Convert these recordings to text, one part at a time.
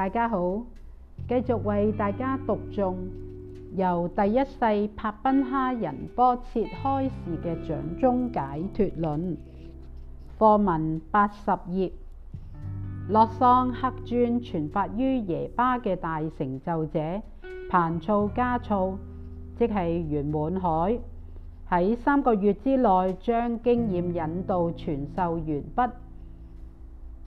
大家好，繼續為大家讀誦由第一世帕賓哈仁波切開示嘅《掌中解脫論》課文八十頁。洛桑黑尊傳法於耶巴嘅大成就者彭措嘉措，即係圓滿海，喺三個月之內將經驗引導傳授完畢。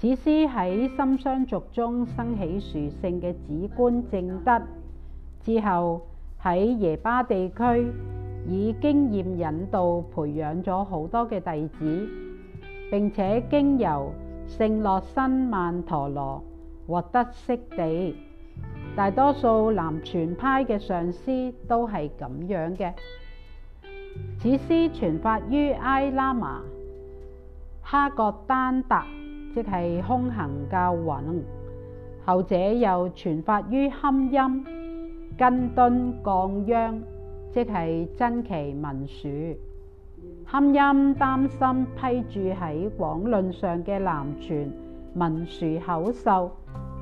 此師喺深相族中生起殊勝嘅止觀正德，之後喺耶巴地區以經驗引導培養咗好多嘅弟子，並且經由聖洛辛曼陀羅獲得悉地。大多數南傳派嘅上師都係咁樣嘅。此師傳法於埃拉瑪哈格丹達。即係空行較穩，後者又傳發於堪陰根敦降央，即係真奇文殊。堪陰擔心批注喺《廣論》上嘅南傳文殊口授，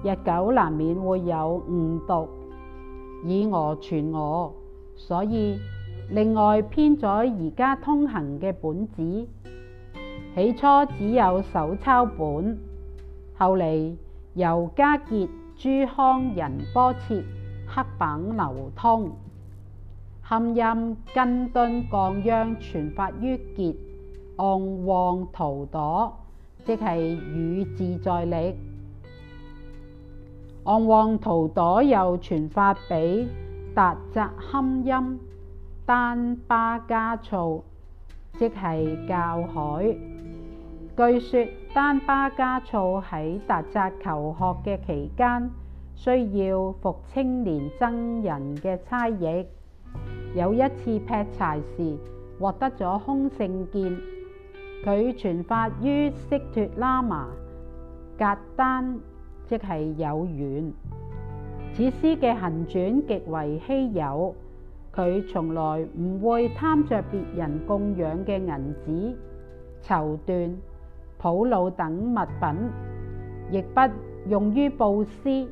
日久難免會有誤讀，以訛傳訛，所以另外編咗而家通行嘅本子。起初只有手抄本，後嚟由加傑朱康仁波切刻本流通。堪音根敦降央傳發於傑昂旺圖朵，即係語自在力。昂旺圖朵又傳發俾達扎堪音丹巴加措，即係教海。據說丹巴加措喺達扎求學嘅期間，需要服青年僧人嘅差役。有一次劈柴時獲得咗空性劍，佢傳法於色脫喇嘛格丹，即係有緣。此師嘅行轉極為稀有，佢從來唔會貪着別人供養嘅銀紙、綢緞。普魯等物品，亦不用於布施，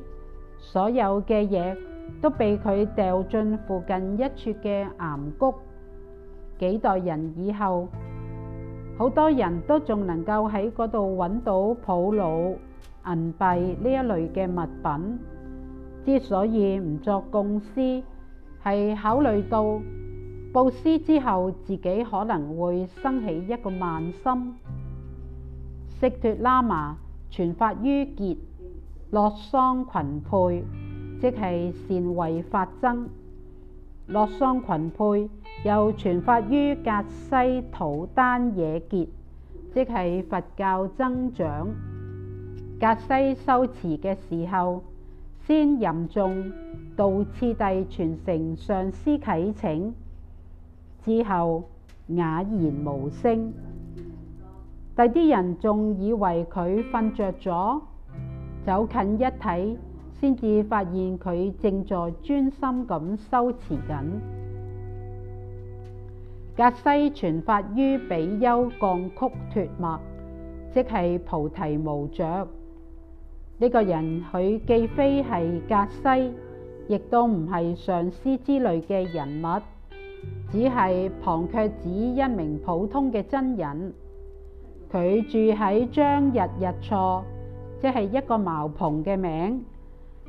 所有嘅嘢都被佢掉進附近一處嘅岩谷。幾代人以後，好多人都仲能夠喺嗰度揾到普魯銀幣呢一類嘅物品。之所以唔作供施，係考慮到布施之後，自己可能會生起一個慢心。釋脫喇嘛傳法於傑洛桑群佩，即係善慧法增。洛桑群佩又傳法於格西土丹野傑，即係佛教增長。格西修持嘅時候，先吟誦，道次第傳承上師啟請，之後啞然無聲。有啲人仲以為佢瞓着咗，走近一睇，先至發現佢正在專心咁修持緊。格西傳法於比丘降曲脱墨，即係菩提無着。呢、這個人，佢既非係格西，亦都唔係上師之類嘅人物，只係旁卻指一名普通嘅真人。佢住喺張日日坐，即係一個茅棚嘅名。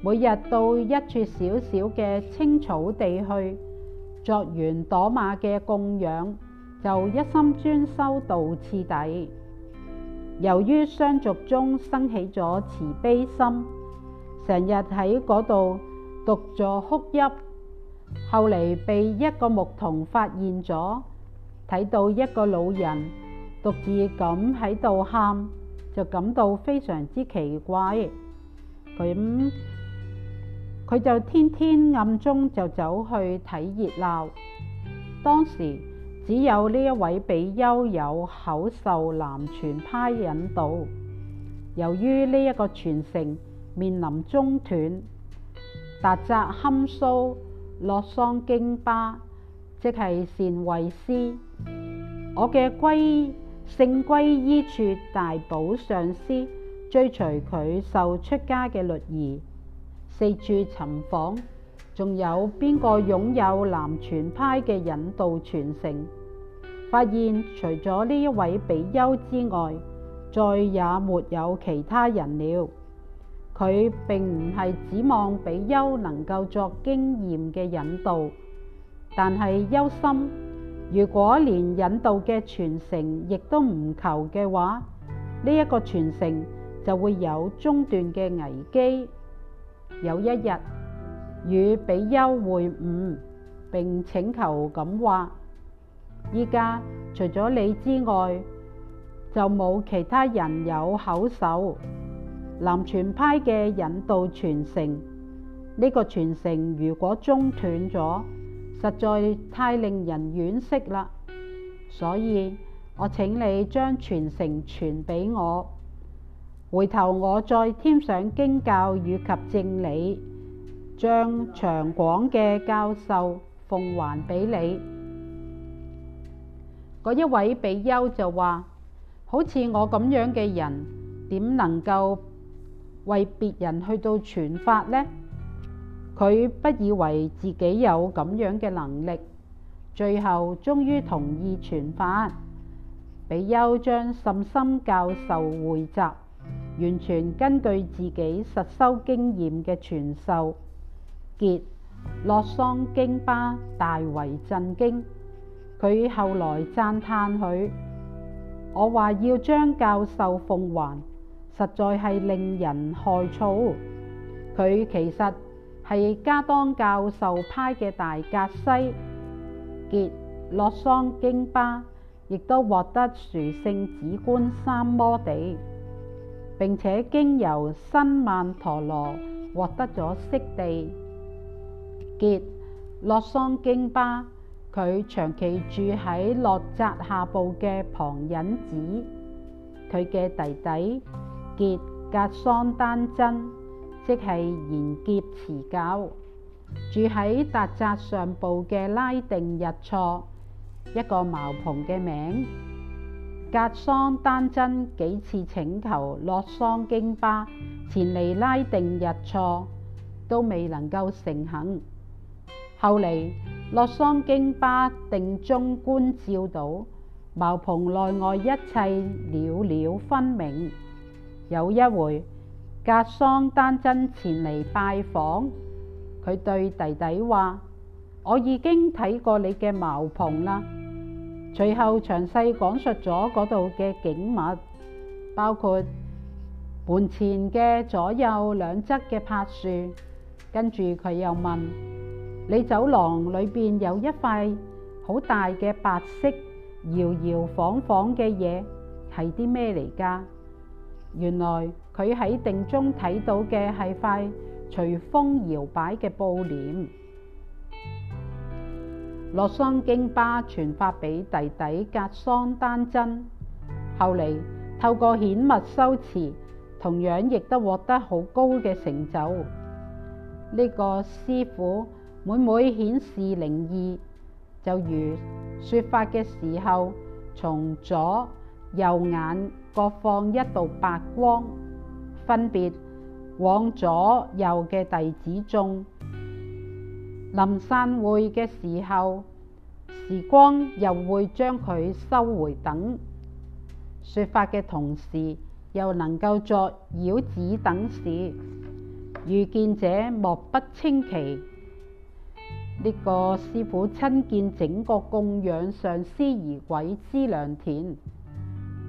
每日到一處小小嘅青草地去作完朵馬嘅供養，就一心專修道次第。由於相續中生起咗慈悲心，成日喺嗰度獨坐哭泣。後嚟被一個牧童發現咗，睇到一個老人，獨自咁喺度喊，就感到非常之奇怪。咁佢、嗯、就天天暗中就走去睇熱鬧。當時只有呢一位比丘有口授南傳派引導。由於呢一個傳承面臨中斷，達扎堪蘇洛桑經巴，即係善慧師，我嘅歸聖歸依處大寶上師追隨佢受出家嘅律儀，四處尋訪，仲有邊個擁有南傳派嘅引導傳承？發現除咗呢一位比丘之外，再也沒有其他人了。佢並唔係指望比丘能夠作經驗嘅引導，但係憂心。如果連引導嘅傳承亦都唔求嘅話，呢、這、一個傳承就會有中斷嘅危機。有一日，與比丘會晤並請求咁話：依家除咗你之外，就冇其他人有口手南傳派嘅引導傳承。呢、這個傳承如果中斷咗，實在太令人惋惜啦，所以我請你將傳承傳俾我，回頭我再添上經教與及正理，將長廣嘅教授奉還俾你。嗰一位比丘就話：「好似我咁樣嘅人，點能夠為別人去到傳法呢？」佢不以為自己有咁樣嘅能力，最後終於同意傳法，比丘將甚深教授匯集，完全根據自己實修經驗嘅傳授。傑洛桑經巴大為震驚，佢後來讚歎佢，我話要將教授奉還，實在係令人害臊。佢其實。係加當教授派嘅大格西傑洛桑京巴，亦都獲得殊勝止觀三摩地，並且經由新曼陀羅獲得咗悉地。傑洛桑京巴佢長期住喺洛扎下部嘅旁引寺，佢嘅弟弟傑格桑丹真。即係沿劫持教，住喺達扎上部嘅拉定日錯，一個茅棚嘅名，格桑丹真，幾次請求洛桑經巴，前嚟拉定日錯，都未能夠成行。後嚟，洛桑經巴定中觀照到，茅棚內外一切了了分明，有一回。格桑丹真前嚟拜訪，佢對弟弟話：我已經睇過你嘅茅棚啦，隨後詳細講述咗嗰度嘅景物，包括門前嘅左右兩側嘅柏樹。跟住佢又問：你走廊裏邊有一塊好大嘅白色搖搖晃晃嘅嘢，係啲咩嚟㗎？原來佢喺定中睇到嘅係塊隨風搖擺嘅布簾。洛桑京巴傳法俾弟弟格桑丹真，後嚟透過顯密修持，同樣亦都獲得好高嘅成就。呢、這個師傅每每顯示靈異，就如説法嘅時候，從左，右眼各放一道白光，分別往左右嘅弟子中。臨散會嘅時候，時光又會將佢收回等。等説法嘅同時，又能夠作繞子。等事，遇見者莫不稱奇。呢、這個師傅親見整個供養上師而鬼之良田。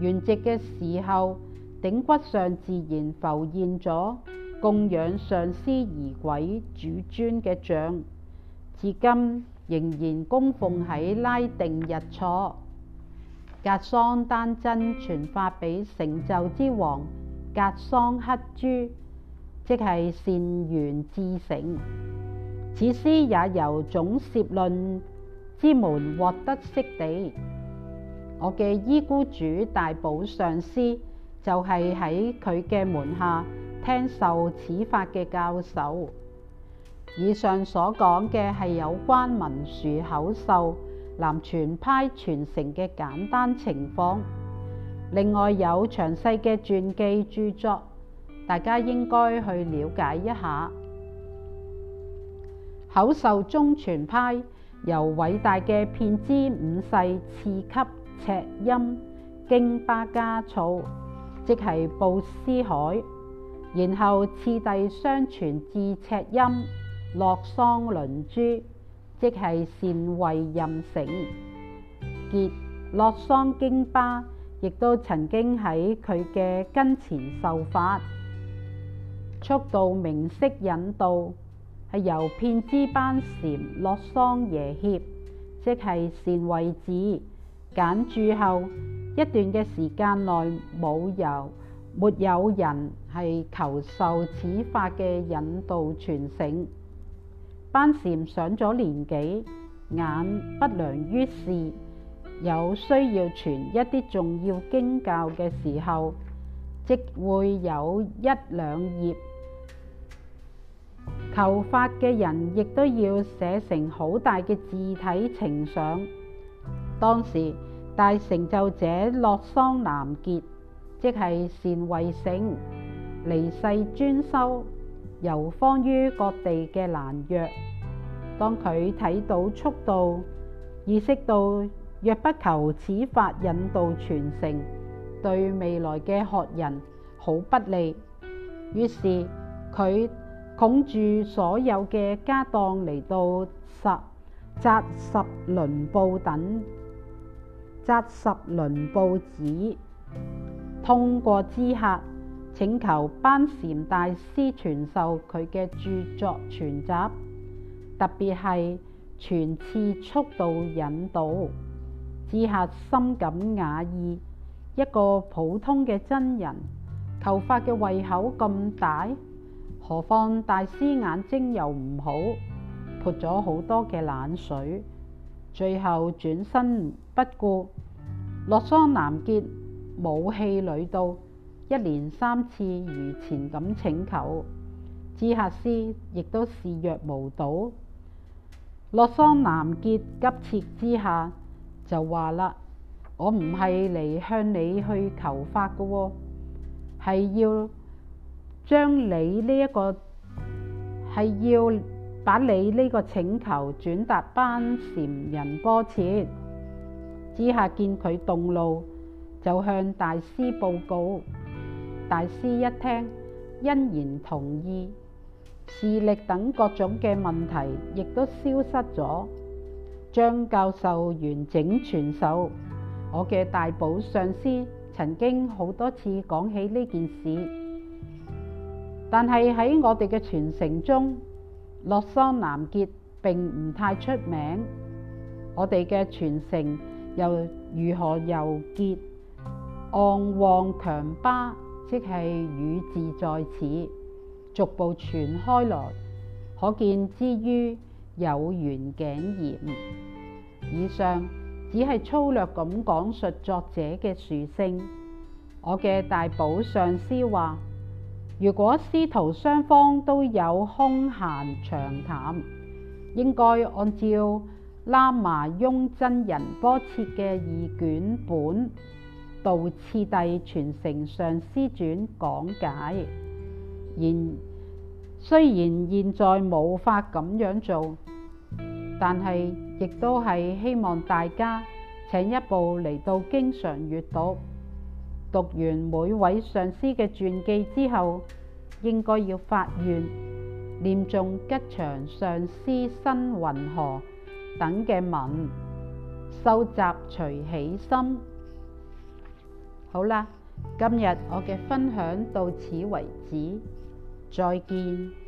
圓寂嘅時候，頂骨上自然浮現咗供養上師而鬼主尊嘅像，至今仍然供奉喺拉定日坐。格桑丹真傳法俾成就之王格桑克珠，即係善圓至成，此師也由總攝論之門獲得悉地。我嘅依姑主大寶上師就係喺佢嘅門下聽受此法嘅教授。以上所講嘅係有關文殊口授南傳派傳承嘅簡單情況，另外有詳細嘅傳記著作，大家應該去了解一下。口授中傳派由偉大嘅片知五世賜給。赤音經巴加措，即係布斯海，然後次第相傳至赤音洛桑倫珠，即係善慧任成。結洛桑經巴亦都曾經喺佢嘅跟前受法，速度明悉引導，係由遍知班禪洛桑耶協，即係善慧智。簡住後一段嘅時間內冇遊，沒有人係求受此法嘅引導傳承。班禪上咗年紀，眼不良於視，有需要傳一啲重要經教嘅時候，即會有一兩頁。求法嘅人亦都要寫成好大嘅字體呈上。當時大成就者洛桑南杰，即係善慧性，離世專修，遊方於各地嘅蘭若。當佢睇到速度，意識到若不求此法引導傳承，對未來嘅學人好不利，於是佢恐住所有嘅家當嚟到扎什倫布等。扎十輪報紙，通過知客請求班禪大師傳授佢嘅著作全集，特別係《全次速度引導》。知客深感訝異，一個普通嘅真人求法嘅胃口咁大，何況大師眼睛又唔好，潑咗好多嘅冷水。最後轉身不顧，洛桑南傑武器女到，一連三次如前咁請求，智客斯亦都視若無睹。洛桑南傑急切之下就話啦：我唔係嚟向你去求法嘅喎，係要將你呢、這、一個係要。把你呢個請求轉達班禪仁波切。之下見佢動怒，就向大師報告。大師一聽，欣然同意。視力等各種嘅問題亦都消失咗。將教授完整傳授。我嘅大寶上師曾經好多次講起呢件事，但係喺我哋嘅傳承中。洛桑南傑並唔太出名，我哋嘅傳承又如何由結昂旺強巴即係語字在此逐步傳開來，可見之於有緣頸炎。以上只係粗略咁講述，述作者嘅殊勝。我嘅大寶上師話。如果師徒雙方都有空閒長談，應該按照喇嘛雍真仁波切嘅二卷本《道次第傳承上師傳》講解。然雖然現在無法咁樣做，但係亦都係希望大家請一步嚟到經常閲讀。讀完每位上師嘅傳記之後，應該要發願念誦吉祥上師身雲河等嘅文，修習隨喜心。好啦，今日我嘅分享到此為止，再見。